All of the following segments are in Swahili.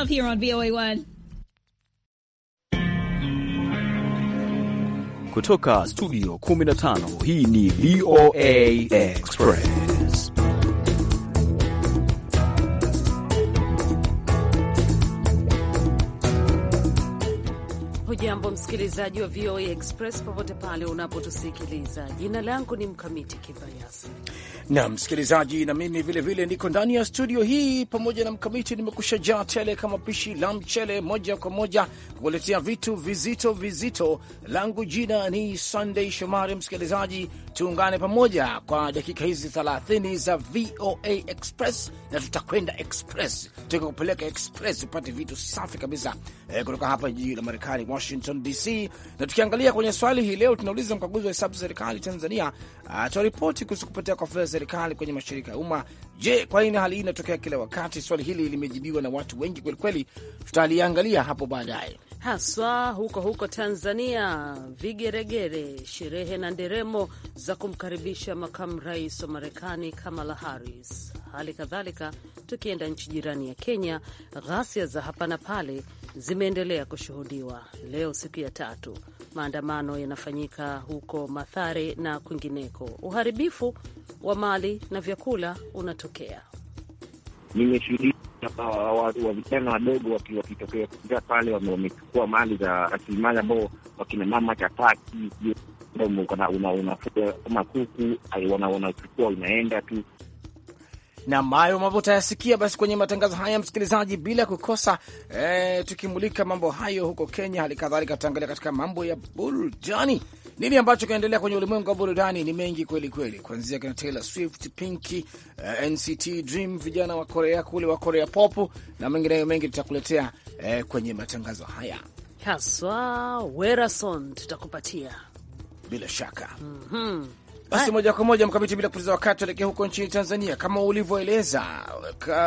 Love here on VOA1. Kutoka studio 15 hii ni VOA Express. Hujambo msikilizaji wa VOA Express popote pale unapotusikiliza. Jina langu ni Mkamiti Kibayasi na msikilizaji, na mimi vile vile niko ndani ya studio hii pamoja na Mkamiti, nimekusha jaa tele kama pishi la mchele, moja kwa moja kukuletea vitu vizito vizito. Langu jina ni Sunday Shomari. Msikilizaji, tuungane pamoja kwa dakika hizi thelathini za VOA Express na tutakwenda express, kupeleka express upate vitu safi kabisa e, kutoka hapa jiji la Marekani, Washington DC. Na tukiangalia kwenye swali hii leo tunauliza, mkaguzi wa hesabu serikali Tanzania atoa ripoti kuhusu kupotea kwa fedha za serikali kwenye mashirika ya umma. Je, kwa nini hali hii inatokea kila wakati? Swali hili limejibiwa na watu wengi kwelikweli, tutaliangalia hapo baadaye, haswa huko huko Tanzania. Vigeregere, sherehe na nderemo za kumkaribisha makamu rais wa Marekani Kamala Harris. Hali kadhalika tukienda nchi jirani ya Kenya, ghasia za hapa na pale zimeendelea kushuhudiwa leo, siku ya tatu. Maandamano yanafanyika huko Mathare na kwingineko. Uharibifu wa mali na vyakula unatokea. Nimeshuhudia wa vijana wadogo wakitokea kuingia pale, wamechukua mali za rasilimali ambao wakina mama, chapati, unafua kama kuku, wanachukua unaenda tu na mayo mambo utayasikia basi kwenye matangazo haya msikilizaji, bila kukosa e, tukimulika mambo hayo huko Kenya. Hali kadhalika tutaangalia katika mambo ya burudani, nini ambacho kinaendelea kwenye ulimwengu wa burudani. Ni mengi kweli kweli, kuanzia kina Taylor Swift, Pinki, e, eh, NCT Dream, vijana wa Korea kule wa Korea pop na mengineyo mengi tutakuletea e, kwenye matangazo haya haswa Werason tutakupatia bila shaka mm -hmm. Basi moja kwa moja mkamiti bila kupoteza wakati, elekea huko nchini Tanzania. Kama ulivyoeleza,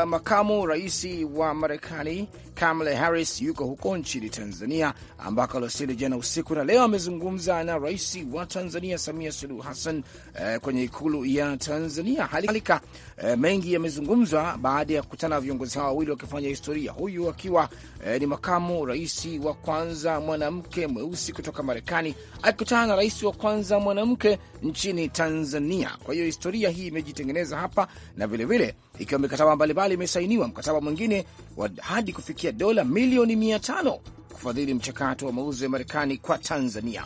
makamu rais wa Marekani Kamala Harris yuko huko nchini Tanzania ambako aliwasili jana usiku na leo amezungumza na rais wa Tanzania Samia Suluhu Hassan eh, kwenye ikulu ya Tanzania. Halika eh, mengi yamezungumzwa baada ya kukutana viongozi hao wawili wakifanya historia, huyu akiwa eh, ni makamu rais wa kwanza mwanamke mweusi kutoka Marekani akikutana na rais wa kwanza mwanamke nchini Tanzania. Kwa hiyo historia hii imejitengeneza hapa, na vilevile ikiwa mikataba mbalimbali imesainiwa, mkataba mwingine wa hadi kufikia dola milioni mia tano kufadhili mchakato wa mauzo ya Marekani kwa Tanzania.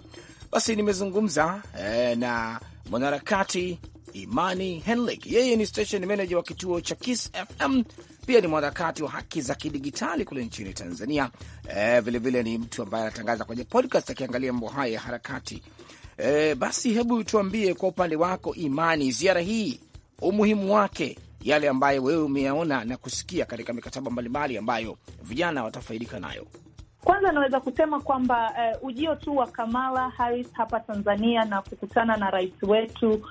Basi nimezungumza eh, na mwanaharakati Imani Henlik, yeye ni station manager wa kituo cha Kiss FM, pia ni mwanaharakati wa haki za kidigitali kule nchini Tanzania. Vilevile eh, vile ni mtu ambaye anatangaza kwenye podcast akiangalia mambo haya ya harakati E, basi hebu tuambie kwa upande wako, Imani, ziara hii umuhimu wake, yale ambayo wewe umeyaona na kusikia katika mikataba mbalimbali ambayo vijana watafaidika nayo. Kwanza naweza kusema kwamba uh, ujio tu wa Kamala Harris hapa Tanzania na kukutana na rais wetu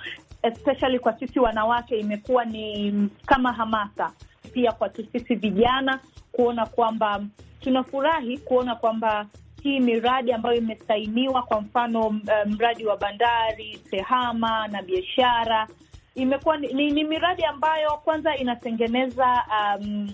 especially kwa sisi wanawake imekuwa ni kama hamasa pia kwa sisi vijana kuona kwamba tunafurahi kuona kwamba hii miradi ambayo imesainiwa, kwa mfano eh, mradi wa bandari, tehama na biashara, imekuwa ni, ni, ni miradi ambayo kwanza inatengeneza um,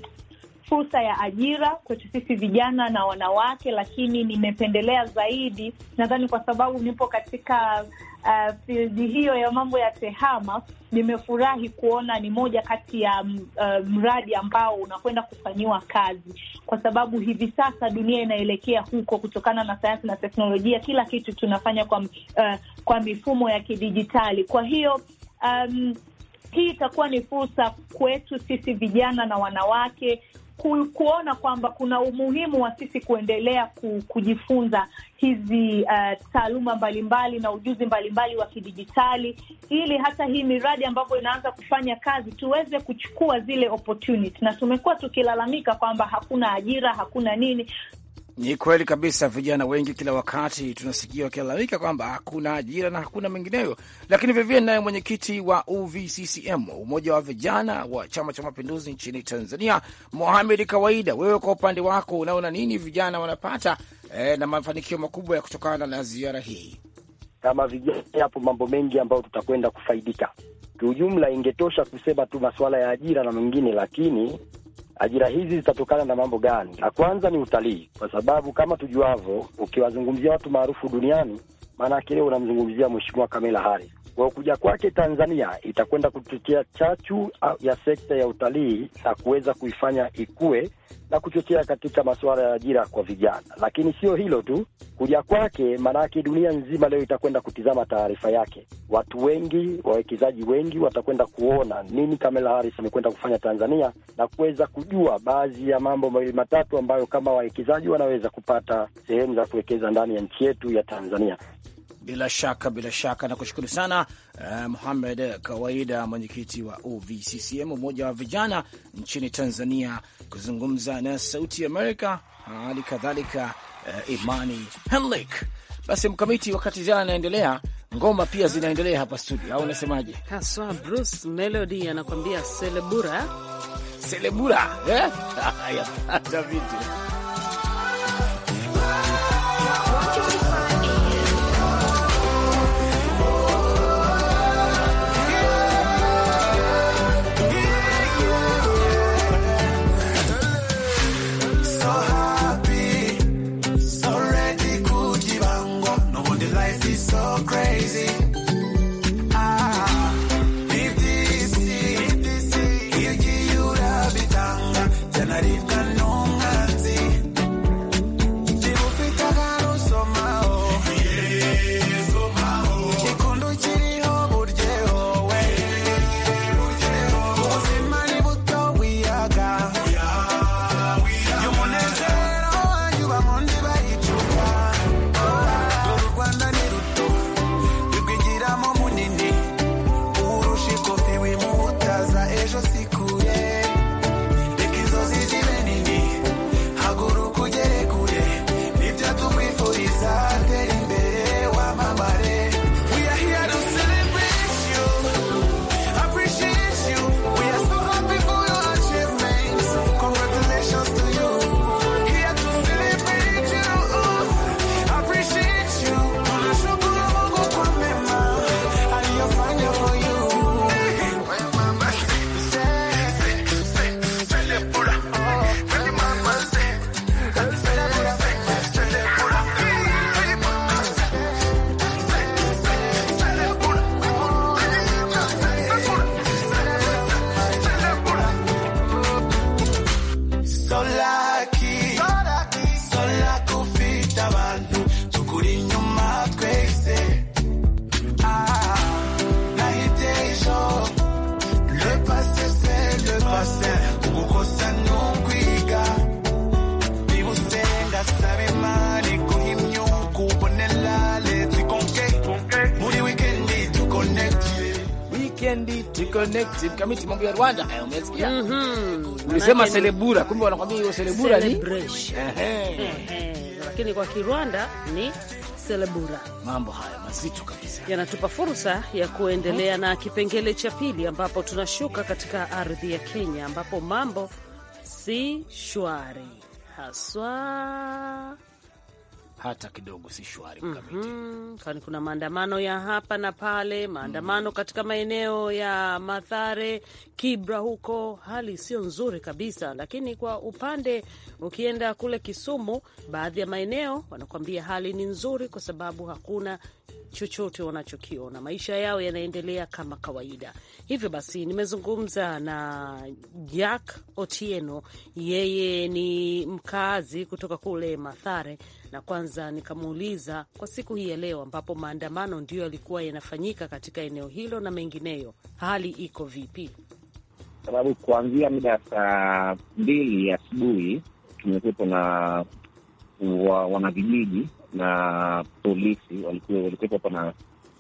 fursa ya ajira kwetu sisi vijana na wanawake, lakini nimependelea zaidi, nadhani kwa sababu nipo katika uh, fildi hiyo ya mambo ya tehama, nimefurahi kuona ni moja kati ya mm, uh, mradi ambao unakwenda kufanyiwa kazi, kwa sababu hivi sasa dunia inaelekea huko kutokana na sayansi na teknolojia. Kila kitu tunafanya kwa, uh, kwa mifumo ya kidijitali. Kwa hiyo um, hii itakuwa ni fursa kwetu sisi vijana na wanawake ku, kuona kwamba kuna umuhimu wa sisi kuendelea ku, kujifunza hizi uh, taaluma mbalimbali na ujuzi mbalimbali wa kidijitali, ili hata hii miradi ambapo inaanza kufanya kazi tuweze kuchukua zile opportunity. Na tumekuwa tukilalamika kwamba hakuna ajira, hakuna nini. Ni kweli kabisa, vijana wengi kila wakati tunasikia wakilalamika kwamba hakuna ajira na hakuna mengineyo. Lakini vilevile naye mwenyekiti wa UVCCM, umoja wa vijana wa Chama cha Mapinduzi nchini Tanzania, Mohamed Kawaida, wewe kwa upande wako unaona nini vijana wanapata eh, na mafanikio makubwa ya kutokana na ziara hii? Kama vijana, yapo mambo mengi ambayo tutakwenda kufaidika. Kiujumla, ingetosha kusema tu masuala ya ajira na mengine, lakini ajira hizi zitatokana na mambo gani? La kwanza ni utalii, kwa sababu kama tujuavyo, ukiwazungumzia watu maarufu duniani, maana yake unamzungumzia Mheshimiwa Kamala Harris wa kuja kwake Tanzania itakwenda kuchochea chachu ya sekta ya utalii na kuweza kuifanya ikue na kuchochea katika masuala ya ajira kwa vijana. Lakini sio hilo tu, kuja kwake, maanake dunia nzima leo itakwenda kutizama taarifa yake. Watu wengi, wawekezaji wengi watakwenda kuona nini Kamala Harris amekwenda kufanya Tanzania na kuweza kujua baadhi ya mambo mawili matatu ambayo kama wawekezaji wanaweza kupata sehemu za kuwekeza ndani ya nchi yetu ya Tanzania. Bila shaka, bila shaka, nakushukuru sana eh, Muhamed Kawaida, mwenyekiti wa OVCCM, umoja wa vijana nchini Tanzania, kuzungumza na Sauti Amerika, hali kadhalika eh, Imani Henlik. Basi mkamiti, wakati ziara anaendelea ngoma pia zinaendelea hapa studio, au unasemaje? Haswa Bruce Melody anakuambia selebura, selebura eh? kazi mkamiti, mambo ya Rwanda hayo umesikia. mm -hmm. Ulisema selebura, kumbe wanakwambia hiyo selebura ni lakini kwa Kirwanda ni selebura. Mambo haya mazito kabisa yanatupa fursa ya kuendelea na kipengele cha pili, ambapo tunashuka katika ardhi ya Kenya ambapo mambo si shwari haswa hata kidogo si shwari mhm. mkamiti. mm -hmm. Kuna maandamano ya hapa na pale, maandamano mm. katika maeneo ya Mathare, Kibra huko, hali sio nzuri kabisa. Lakini kwa upande ukienda kule Kisumu, baadhi ya maeneo wanakuambia hali ni nzuri, kwa sababu hakuna chochote wanachokiona, maisha yao yanaendelea kama kawaida. Hivyo basi, nimezungumza na Jack Otieno, yeye ni mkaazi kutoka kule Mathare na kwanza nikamuuliza kwa siku hii ya leo, ambapo maandamano ndiyo yalikuwa yanafanyika katika eneo hilo na mengineyo, hali iko vipi? Sababu kuanzia mida ya saa mbili asubuhi tumekuwepo na wa, wanavijiji na polisi walikuwepo hapa na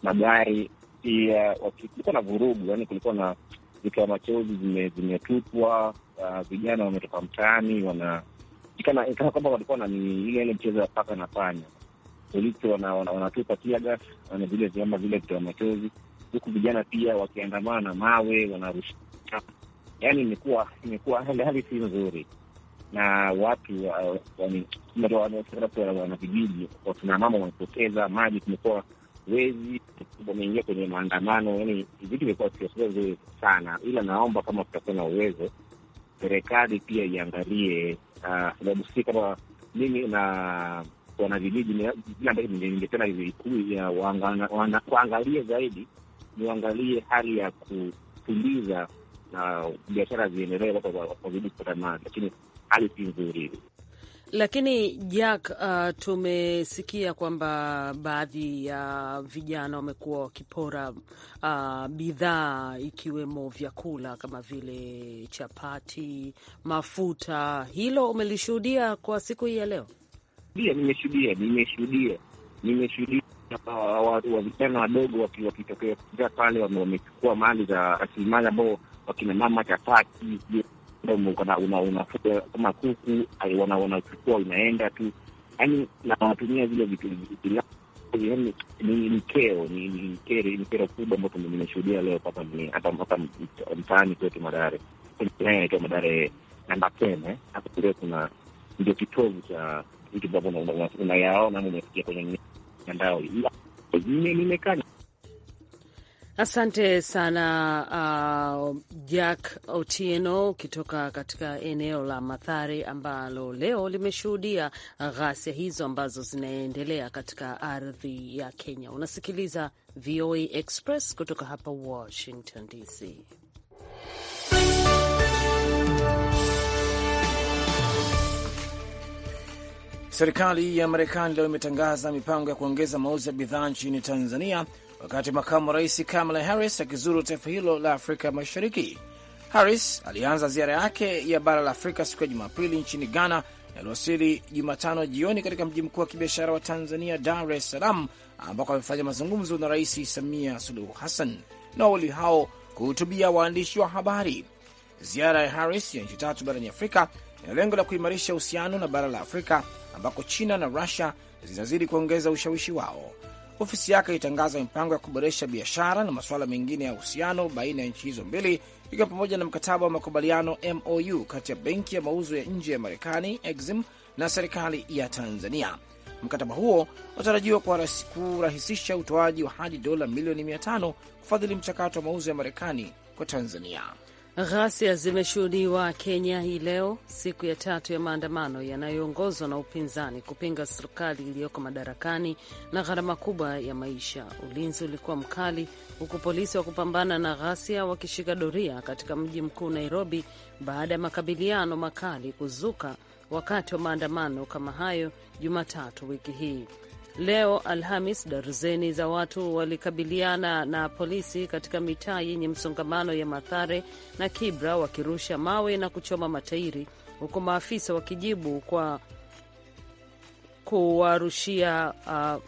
magari pia, kulikuwa na vurugu, yaani kulikuwa na vitoa machozi zimetupwa, ah, vijana wametoka mtaani wana ikana eh, kwamba walikuwa na ile ile mchezo ya paka na panya. Polisi wanatupa tia gas na vile vyama vile vitoa machozi, huku vijana pia wakiandamana mawe wanarusha. Yani imekuwa imekuwa hali si nzuri, na watu wana vijiji, wakina mama wanapoteza maji, kumekuwa wezi wameingia kwenye maandamano. Yani vitu vimekuwa sio nzuri sana, ila naomba kama kutakuwa na uwezo, serikali pia iangalie Ah, sababu si kama mimi na wanavijiji vile ambavyo ningependa kuangalia zaidi, niangalie hali ya kutuliza na ah, biashara ziendelee, watu wazidi kupata mali, lakini hali si nzuri hivi. Lakini Jack, uh, tumesikia kwamba baadhi ya uh, vijana wamekuwa wakipora uh, bidhaa ikiwemo vyakula kama vile chapati, mafuta. Hilo umelishuhudia kwa siku hii ya leo? Ndio, nimeshuhudia nimeshuhudia nimeshuhudia watu wa vijana wadogo wakitokea pale wamechukua mali za rasilimali ambao wakina mama, chapati, unafuga kama kuku wanachukua, unaenda tu yani, na wanatumia vile vitu ni keo ni kero kubwa ambao tumeshuhudia leo hapa mtaani kwetu Madare, naitwa Madare namba kene. Hapo kule kuna ndio kitovu cha vitu ambavyo unayaona ama umesikia kwenye mitandao. Nimekaa Asante sana uh, Jack Otieno ukitoka katika eneo la Mathare ambalo leo limeshuhudia ghasia hizo ambazo zinaendelea katika ardhi ya Kenya. Unasikiliza VOA Express kutoka hapa Washington DC. Serikali ya Marekani leo imetangaza mipango ya kuongeza mauzo ya bidhaa nchini Tanzania wakati makamu wa rais Kamala Harris akizuru taifa hilo la Afrika Mashariki. Harris alianza ziara yake ya bara la Afrika siku ya Jumapili nchini Ghana yaliwasili aliwasili Jumatano jioni katika mji mkuu wa kibiashara wa Tanzania, Dar es Salaam, ambako amefanya mazungumzo na Rais Samia Suluhu Hassan na wawili hao kuhutubia waandishi wa habari. Ziara ya Harris ya nchi tatu barani Afrika ina lengo la kuimarisha uhusiano na bara la Afrika ambako China na Rusia zinazidi kuongeza ushawishi wao ofisi yake ilitangaza mipango ya kuboresha biashara na masuala mengine ya uhusiano baina ya nchi hizo mbili, ikiwa pamoja na mkataba wa makubaliano MOU kati ya benki ya mauzo ya nje ya Marekani EXIM na serikali ya Tanzania. Mkataba huo unatarajiwa kurahisisha utoaji wa hadi dola milioni 5 kufadhili mchakato wa mauzo ya Marekani kwa Tanzania. Ghasia zimeshuhudiwa Kenya hii leo, siku ya tatu ya maandamano yanayoongozwa na upinzani kupinga serikali iliyoko madarakani na gharama kubwa ya maisha. Ulinzi ulikuwa mkali, huku polisi wa kupambana na ghasia wakishika doria katika mji mkuu Nairobi, baada ya makabiliano makali kuzuka wakati wa maandamano kama hayo Jumatatu wiki hii. Leo Alhamis, darzeni za watu walikabiliana na polisi katika mitaa yenye msongamano ya Mathare na Kibra, wakirusha mawe na kuchoma matairi, huku maafisa wakijibu kwa kuwarushia uh,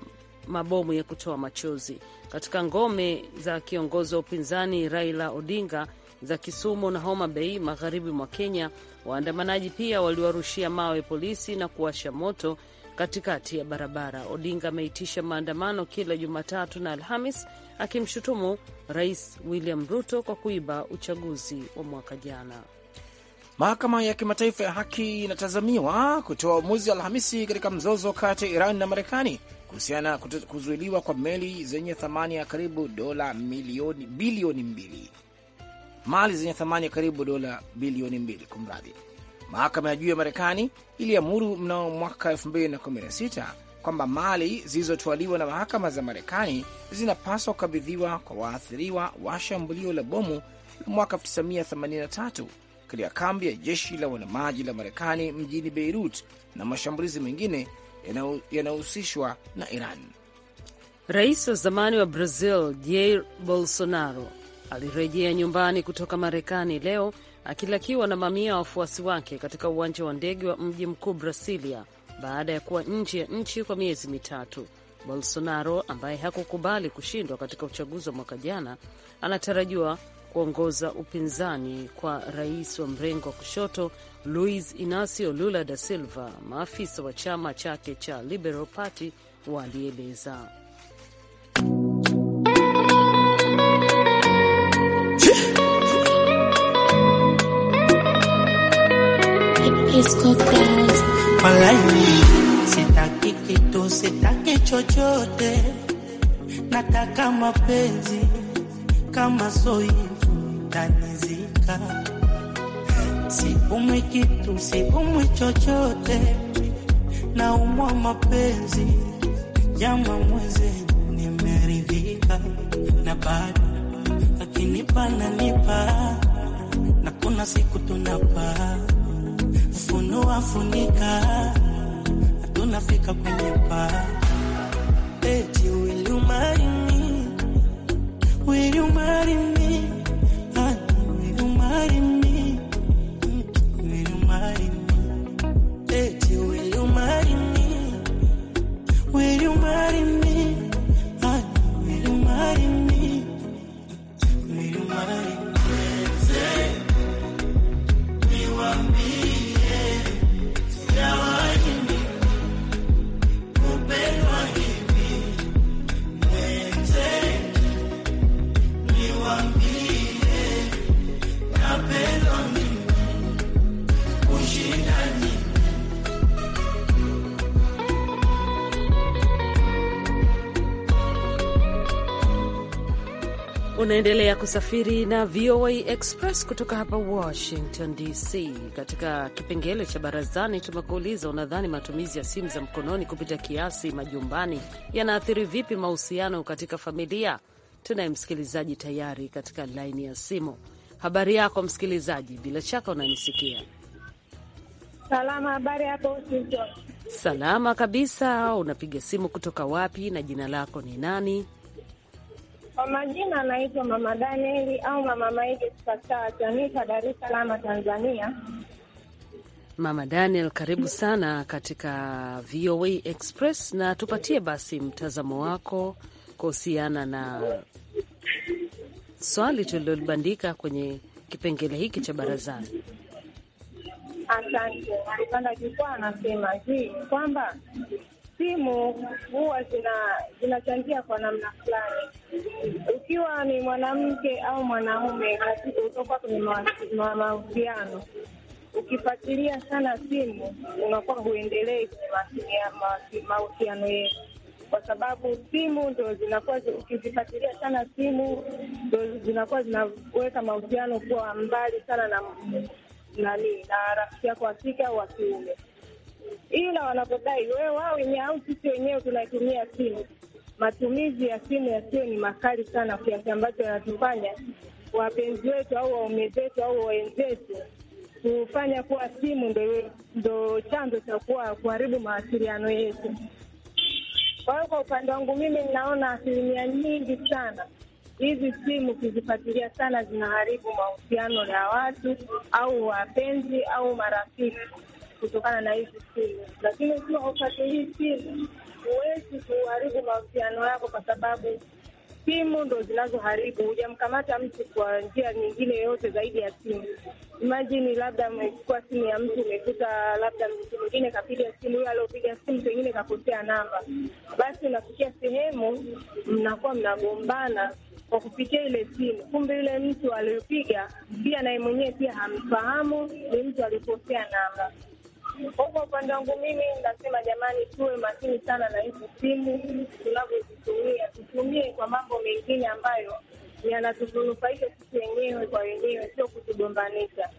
mabomu ya kutoa machozi katika ngome za kiongozi wa upinzani Raila Odinga za Kisumu na Homa Bay, magharibi mwa Kenya. Waandamanaji pia waliwarushia mawe polisi na kuwasha moto katikati ya barabara. Odinga ameitisha maandamano kila Jumatatu na Alhamis akimshutumu Rais William Ruto kwa kuiba uchaguzi wa mwaka jana. Mahakama ya Kimataifa ya Haki inatazamiwa kutoa uamuzi Alhamisi katika mzozo kati ya Iran na Marekani kuhusiana na kuzuiliwa kwa meli zenye thamani ya karibu dola milioni bilioni mbili mali zenye thamani ya karibu dola bilioni mbili kumradhi Mahakama ya juu ya Marekani iliamuru mnamo mwaka 2016 kwamba mali zilizotwaliwa na mahakama za Marekani zinapaswa kukabidhiwa kwa waathiriwa wa shambulio la bomu la mwaka 1983 katika kambi ya jeshi la wanamaji la Marekani mjini Beirut na mashambulizi mengine yanayohusishwa na Iran. Rais wa zamani wa Brazil Jair Bolsonaro alirejea nyumbani kutoka Marekani leo akilakiwa na mamia ya wafuasi wake katika uwanja wa ndege wa mji mkuu Brasilia baada ya kuwa nje ya nchi kwa miezi mitatu. Bolsonaro ambaye hakukubali kushindwa katika uchaguzi wa mwaka jana anatarajiwa kuongoza upinzani kwa rais wa mrengo wa kushoto Luis Inacio Lula da Silva, maafisa wa chama chake cha Liberal Party walieleza. Walai, sitaki kitu, sitaki chochote, nataka mapenzi kama soivu tanizika, siumwi kitu, siumwi chochote, naumwa mapenzi jama mweze, nimeridhika na bado akinipa nanipa, na kuna siku tunapaa Funua wafunika tunafika kwenye paa. Eti will you marry me? Will you marry me? Unaendelea kusafiri na VOA Express kutoka hapa Washington DC. Katika kipengele cha barazani, tumekuuliza unadhani matumizi ya simu za mkononi kupita kiasi majumbani yanaathiri vipi mahusiano katika familia? Tunaye msikilizaji tayari katika laini ya simu. Habari yako msikilizaji, bila shaka unanisikia salama. Habari hapo salama kabisa. Unapiga simu kutoka wapi na jina lako ni nani? Kwa majina anaitwa Mama Danieli au Mama Maige Superstar, Chanika, Dar es Salaam, Tanzania. Mama Daniel, karibu sana katika VOA Express, na tupatie basi mtazamo wako kuhusiana na swali tulilolibandika kwenye kipengele hiki cha barazani. Asante. Alipanda jukwaa anasema hii kwamba simu huwa zinachangia kwa namna fulani ukiwa ni mwanamke au mwanaume utoka kwenye mahusiano, ukifuatilia sana simu unakuwa huendelei kwenye mahusiano yenu kwa sababu simu ndo zinakuwa, ukizifuatilia sana simu ndo zinakuwa zinaweka mahusiano kuwa mbali sana na nani na rafiki yako wa kike au wa kiume, ila wanapodai wewe wao wenyewe au sisi wenyewe tunaitumia simu matumizi ya simu yasiyo ni makali sana, kiasi ambacho yanatufanya wapenzi wetu au waume zetu au wenzetu kufanya kuwa simu ndo, ndo chanzo cha kuwa kuharibu mawasiliano yetu. Kwa hiyo kwa upande wangu mimi ninaona asilimia nyingi sana hizi simu ukizifuatilia sana zinaharibu mahusiano ya watu au wapenzi au marafiki kutokana na hizi simu, lakini ukiwa ufuatilii simu huwezi kuharibu mahusiano yako kwa sababu simu ndo zinazoharibu. Hujamkamata mtu kwa njia nyingine yoyote zaidi ya simu. Imajini labda umechukua simu ya mtu, umekuta labda mtu mwingine kapiga simu, huyo aliopiga simu pengine kakosea namba, basi unafikia sehemu mnakuwa mnagombana kwa kupitia ile simu. Kumbe yule mtu aliyopiga pia naye mwenyewe pia hamfahamu, ni mtu alikosea namba. Kwa upande wangu mimi nasema, jamani, tuwe makini sana na hizi simu tunavyozitumia, tutumie kwa mambo mengine ambayo yanatunufaisha sisi wenyewe kwa wenyewe, sio kutugombanisha.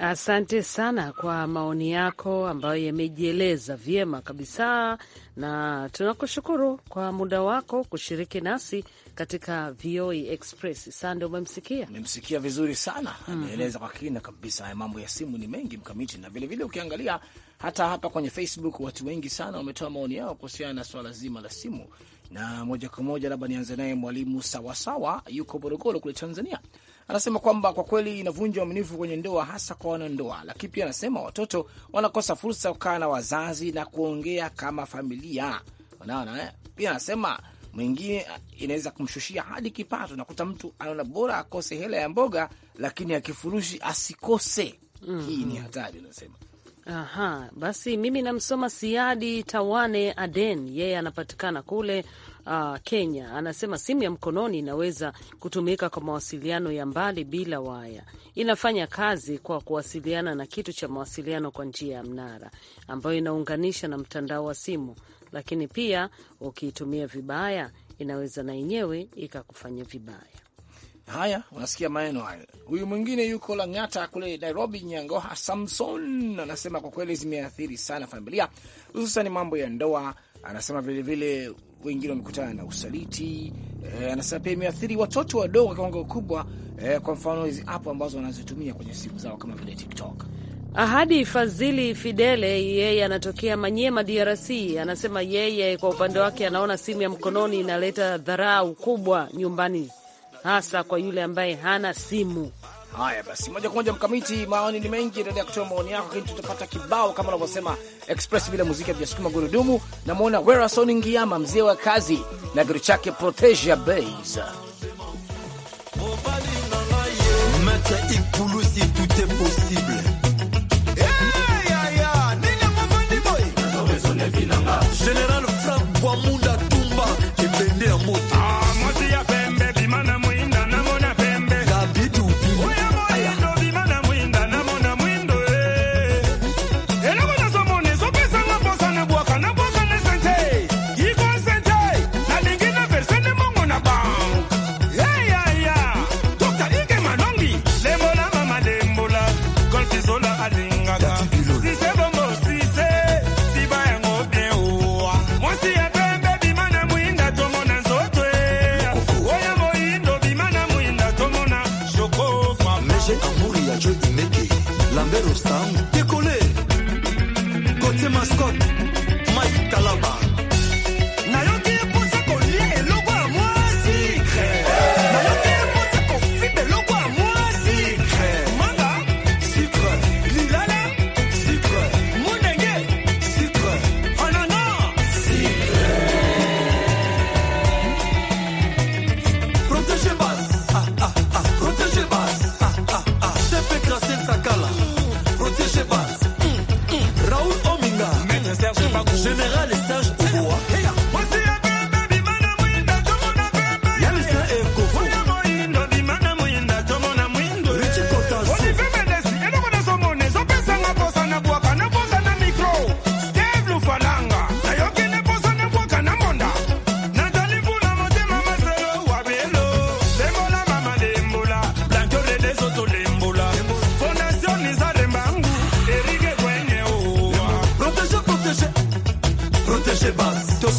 Asante sana kwa maoni yako ambayo yamejieleza vyema kabisa, na tunakushukuru kwa muda wako kushiriki nasi katika VOA e Express. Sande, umemsikia? Memsikia vizuri sana, mhm. ameeleza mm -hmm. kwa kina kabisa. Haya mambo ya simu ni mengi mkamiti, na vilevile ukiangalia hata hapa kwenye Facebook watu wengi sana wametoa maoni yao kuhusiana na swala zima la simu, na moja kwa moja labda nianze naye mwalimu Sawasawa, yuko Morogoro kule Tanzania. Anasema kwamba kwa kweli inavunja uaminifu kwenye ndoa, hasa kwa wanandoa, lakini pia anasema watoto wanakosa fursa ya kukaa na wazazi na kuongea kama familia. Unaona, eh? pia anasema mwingine inaweza kumshushia hadi kipato. Nakuta mtu anaona bora akose hela ya mboga, lakini akifurushi asikose. mm -hmm. Hii ni hatari, anasema. Aha, basi mimi namsoma Siadi Tawane Aden, yeye anapatikana kule uh, Kenya anasema simu ya mkononi inaweza kutumika kwa mawasiliano ya mbali bila waya. Inafanya kazi kwa kuwasiliana na kitu cha mawasiliano kwa njia ya mnara ambayo inaunganisha na mtandao wa simu, lakini pia ukiitumia vibaya inaweza na yenyewe ikakufanya vibaya. Haya, unasikia maneno hayo. Huyu mwingine yuko Lang'ata kule Nairobi, Nyangoha Samson anasema kwa kweli zimeathiri sana familia, hususan mambo ya ndoa anasema vilevile wengine wamekutana na usaliti e, anasema pia imeathiri watoto wadogo kiwango kikubwa e, kwa mfano hizi app ambazo wanazitumia kwenye simu zao kama vile TikTok. Ahadi Fazili Fidele yeye anatokea Manyema, DRC, anasema yeye kwa upande wake anaona simu ya mkononi inaleta dharau kubwa nyumbani, hasa kwa yule ambaye hana simu. Haya basi, moja kwa moja mkamiti, maoni ni mengi, endelea kutoa maoni yako, lakini tutapata kibao kama unavyosema express, bila muziki hatujasukuma gurudumu. Namwona Werason Ngiama, mzee wa kazi na kitu chake Protegia Bas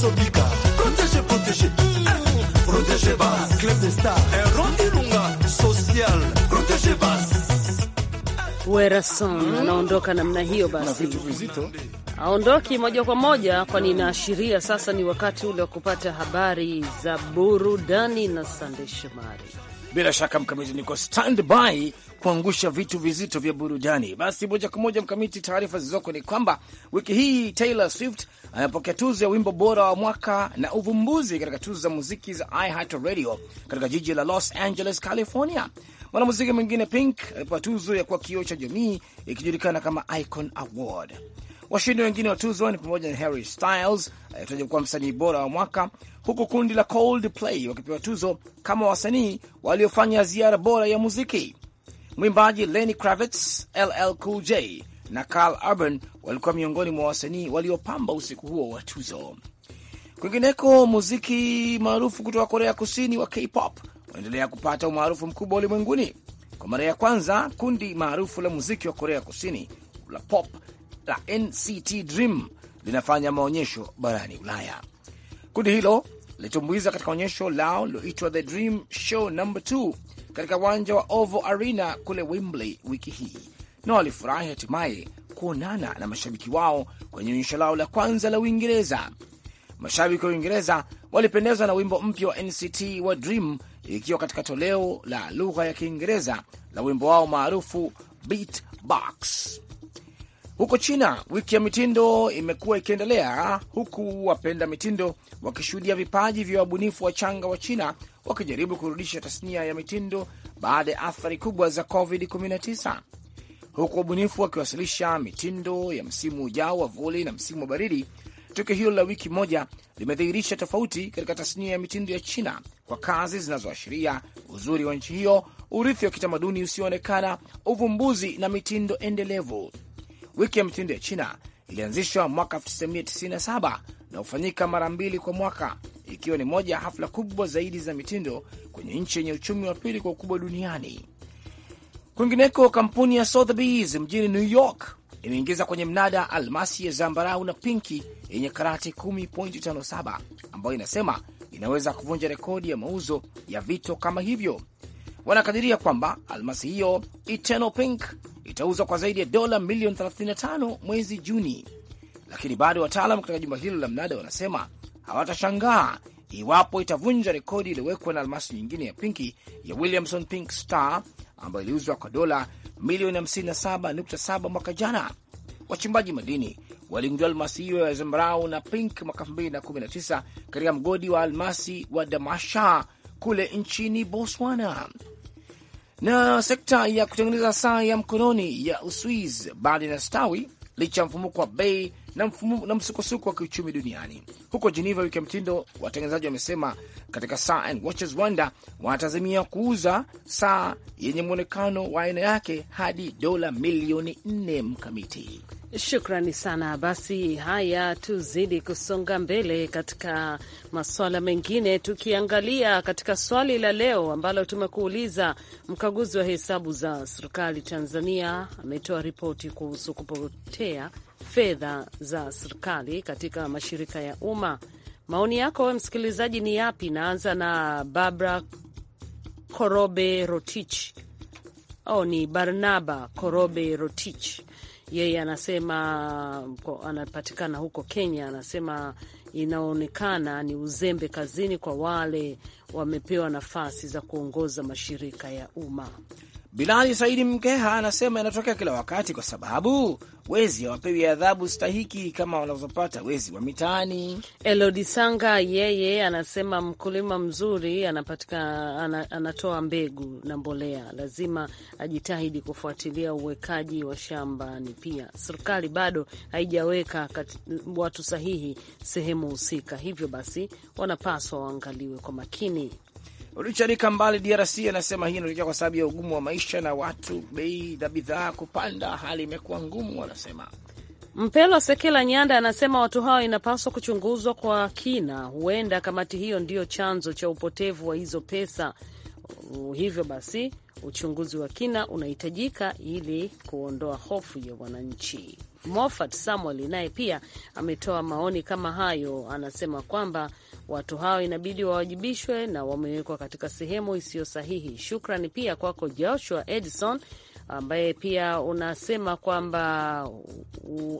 Sobika, protégez, protégez, protégez Basse, Club des Stars, Rondilunga, Social, protégez Basse. Werason anaondoka namna hiyo basi aondoki moja kwa moja, kwani inaashiria sasa ni wakati ule wa kupata habari za burudani na Sande Shomari. Bila shaka Mkamiti niko standby kuangusha vitu vizito vya burudani. Basi moja kwa moja Mkamiti, taarifa zilizoko ni kwamba wiki hii Taylor Swift anapokea tuzo ya wimbo bora wa mwaka na uvumbuzi katika tuzo za muziki za iHeartRadio katika jiji la Los Angeles, California. Mwanamuziki mwingine Pink alipewa tuzo ya kuwa kioo cha jamii ikijulikana kama Icon Award. Washindi wengine wa tuzo ni pamoja na Harry Styles aliyetajwa kuwa msanii bora wa mwaka, huku kundi la Coldplay wakipewa tuzo kama wasanii waliofanya ziara bora ya muziki. Mwimbaji Lenny Kravitz, LL Cool J na Carl Urban walikuwa miongoni mwa wasanii waliopamba usiku huo wa tuzo. Kwingineko, muziki maarufu kutoka Korea Kusini wa K-pop unaendelea kupata umaarufu mkubwa ulimwenguni. Kwa mara ya kwanza, kundi maarufu la muziki wa Korea Kusini la pop la NCT Dream linafanya maonyesho barani Ulaya. Kundi hilo lilitumbuiza katika onyesho lao liloitwa The Dream Show number 2 katika uwanja wa Oval Arena kule Wembley wiki hii, na walifurahi hatimaye kuonana na mashabiki wao kwenye onyesho lao la kwanza la Uingereza. Mashabiki wa Uingereza walipendezwa na wimbo mpya wa NCT wa Dream, ikiwa katika toleo la lugha ya Kiingereza la wimbo wao maarufu Beatbox. Huko China, wiki ya mitindo imekuwa ikiendelea huku wapenda mitindo wakishuhudia vipaji vya wabunifu wa changa wa China wakijaribu kurudisha tasnia ya mitindo baada ya athari kubwa za COVID-19, huku wabunifu wakiwasilisha mitindo ya msimu ujao wa vuli na msimu wa baridi. Tukio hilo la wiki moja limedhihirisha tofauti katika tasnia ya mitindo ya China kwa kazi zinazoashiria uzuri wa nchi hiyo, urithi wa kitamaduni usioonekana, uvumbuzi na mitindo endelevu. Wiki ya mitindo ya China ilianzishwa mwaka 1997 na hufanyika mara mbili kwa mwaka, ikiwa ni moja ya hafla kubwa zaidi za mitindo kwenye nchi yenye uchumi wa pili kwa ukubwa duniani. Kwingineko, kampuni ya Sotheby's mjini New York imeingiza kwenye mnada almasi ya zambarau na pinki yenye karati 10.57 ambayo inasema inaweza kuvunja rekodi ya mauzo ya vito kama hivyo. Wanakadiria kwamba almasi hiyo Eternal Pink itauzwa kwa zaidi ya dola milioni 35 mwezi Juni, lakini bado wataalam katika jumba hilo la mnada wanasema hawatashangaa iwapo itavunja rekodi iliyowekwa na almasi nyingine ya pinki ya Williamson Pink Star ambayo iliuzwa kwa dola milioni 57.7 mwaka jana. Wachimbaji madini waligundua almasi hiyo ya zambarau na pink mwaka 2019 katika mgodi wa almasi wa Damasha kule nchini Botswana. Na sekta ya kutengeneza saa ya mkononi ya Uswiz bado inastawi licha ya mfumuko wa bei na, na msukosuko wa kiuchumi duniani. Huko Geneva wiki ya mtindo, watengenezaji wamesema katika saa and watches wanatazamia kuuza saa yenye mwonekano wa aina yake hadi dola milioni nne mkamiti. Shukrani sana. Basi haya, tuzidi kusonga mbele katika masuala mengine, tukiangalia katika swali la leo ambalo tumekuuliza. Mkaguzi wa hesabu za serikali Tanzania ametoa ripoti kuhusu kupotea fedha za serikali katika mashirika ya umma. Maoni yako we msikilizaji ni yapi? Naanza na Barbara Korobe Rotich. Oh, ni Barnaba Korobe Rotich yeye anasema anapatikana huko Kenya, anasema inaonekana ni uzembe kazini kwa wale wamepewa nafasi za kuongoza mashirika ya umma. Bilali Saidi Mkeha anasema inatokea kila wakati, kwa sababu wezi hawapewi adhabu stahiki kama wanazopata wezi wa mitaani. Elodi Sanga yeye anasema mkulima mzuri anapatika, ana, anatoa mbegu na mbolea, lazima ajitahidi kufuatilia uwekaji wa shambani. Pia serikali bado haijaweka watu sahihi sehemu husika, hivyo basi wanapaswa waangaliwe kwa makini. Richard Kambale, DRC, anasema hii inatokea kwa sababu ya ugumu wa maisha na watu, bei za bidhaa kupanda, hali imekuwa ngumu, wanasema. Mpelo Sekela Nyanda anasema watu hao inapaswa kuchunguzwa kwa kina, huenda kamati hiyo ndiyo chanzo cha upotevu wa hizo pesa. Uh, hivyo basi uchunguzi wa kina unahitajika ili kuondoa hofu ya wananchi. Moffat Samuel naye pia ametoa maoni kama hayo, anasema kwamba Watu hao inabidi wawajibishwe na wamewekwa katika sehemu isiyo sahihi. Shukrani pia kwako Joshua Edison ambaye pia unasema kwamba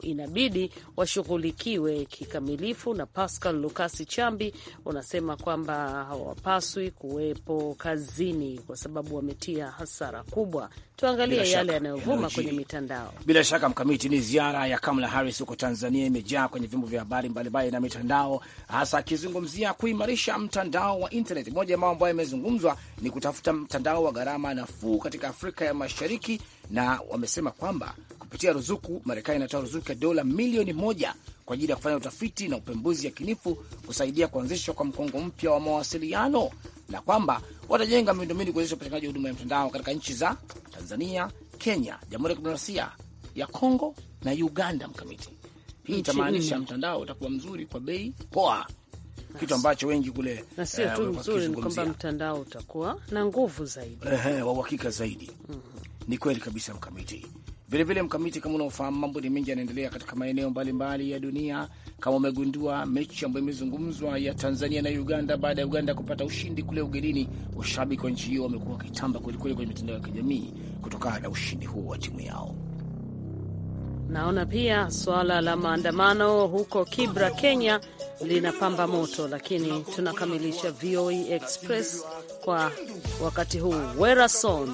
inabidi washughulikiwe kikamilifu, na Pascal Lukasi Chambi unasema kwamba hawapaswi kuwepo kazini kwa sababu wametia hasara kubwa tuangalie yale yanayovuma kwenye mitandao. Bila shaka mkamiti, ni ziara ya Kamala Harris huko Tanzania imejaa kwenye vyombo vya habari mbalimbali na mitandao, hasa akizungumzia kuimarisha mtandao wa internet. Moja ya mambo ambayo yamezungumzwa ni kutafuta mtandao wa gharama nafuu katika Afrika ya Mashariki, na wamesema kwamba kupitia ruzuku, Marekani inatoa ruzuku ya dola milioni moja kwa ajili ya kufanya utafiti na upembuzi yakinifu kusaidia kuanzishwa kwa mkongo mpya wa mawasiliano na kwamba watajenga miundombinu kuwezesha upatikanaji wa huduma ya mtandao katika nchi za Tanzania, Kenya, Jamhuri ya Kidemokrasia ya Kongo na Uganda. Mkamiti hii itamaanisha mtandao utakuwa mzuri kwa bei poa, kitu ambacho wengi kule na sio eh, tu mzuri, ni kwamba mtandao utakuwa na nguvu zaidi, wa uhakika zaidi. Mm-hmm. Ni kweli kabisa Mkamiti vilevile mkamiti, kama unaofahamu, mambo ni mengi yanaendelea katika maeneo mbalimbali ya dunia. Kama umegundua mechi ambayo imezungumzwa ya Tanzania na Uganda, baada ya Uganda kupata ushindi kule ugenini, washabiki wa nchi hiyo wamekuwa wakitamba kwelikweli kwenye mitandao ya kijamii kutokana na ushindi huo wa timu yao. Naona pia suala la maandamano huko Kibra, Kenya linapamba moto, lakini tunakamilisha VOA e Express kwa wakati huu. Werason